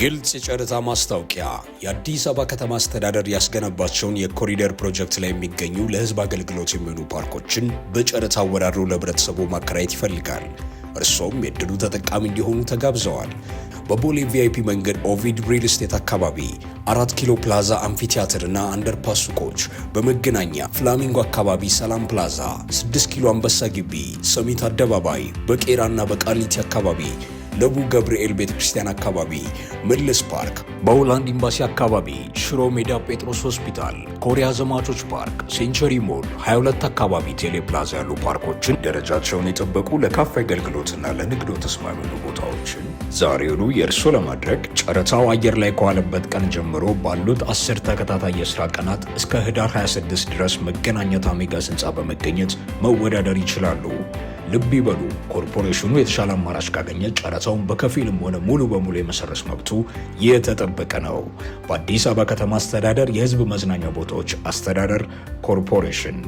ግልጽ የጨረታ ማስታወቂያ የአዲስ አበባ ከተማ አስተዳደር ያስገነባቸውን የኮሪደር ፕሮጀክት ላይ የሚገኙ ለህዝብ አገልግሎት የሚሆኑ ፓርኮችን በጨረታ አወዳድሮ ለህብረተሰቡ ማከራየት ይፈልጋል። እርሶም የድሉ ተጠቃሚ እንዲሆኑ ተጋብዘዋል። በቦሌ ቪአይፒ መንገድ ኦቪድ ሪል ስቴት አካባቢ አራት ኪሎ ፕላዛ አምፊቲያትር እና አንደርፓስ ሱቆች፣ በመገናኛ ፍላሚንጎ አካባቢ ሰላም ፕላዛ፣ ስድስት ኪሎ አንበሳ ግቢ፣ ሰሚት አደባባይ፣ በቄራና በቃሊቲ አካባቢ ደቡብ ገብርኤል ቤተክርስቲያን አካባቢ፣ ምልስ ፓርክ፣ በሆላንድ ኤምባሲ አካባቢ፣ ሽሮ ሜዳ ጴጥሮስ ሆስፒታል፣ ኮሪያ ዘማቾች ፓርክ፣ ሴንቸሪ ሞል 22 አካባቢ፣ ቴሌፕላዛ ያሉ ፓርኮችን ደረጃቸውን የጠበቁ ለካፌ አገልግሎትና ለንግዶ ተስማሚ የሆኑ ቦታዎችን ዛሬውኑ የእርሶ ለማድረግ ጨረታው አየር ላይ ከዋለበት ቀን ጀምሮ ባሉት አስር ተከታታይ የስራ ቀናት እስከ ህዳር 26 ድረስ መገናኛ አሜጋስ ህንፃ በመገኘት መወዳደር ይችላሉ። ልብ ይበሉ። ኮርፖሬሽኑ የተሻለ አማራጭ ካገኘ ጨረታውን በከፊልም ሆነ ሙሉ በሙሉ የመሰረስ መብቱ የተጠበቀ ነው። በአዲስ አበባ ከተማ አስተዳደር የህዝብ መዝናኛ ቦታዎች አስተዳደር ኮርፖሬሽን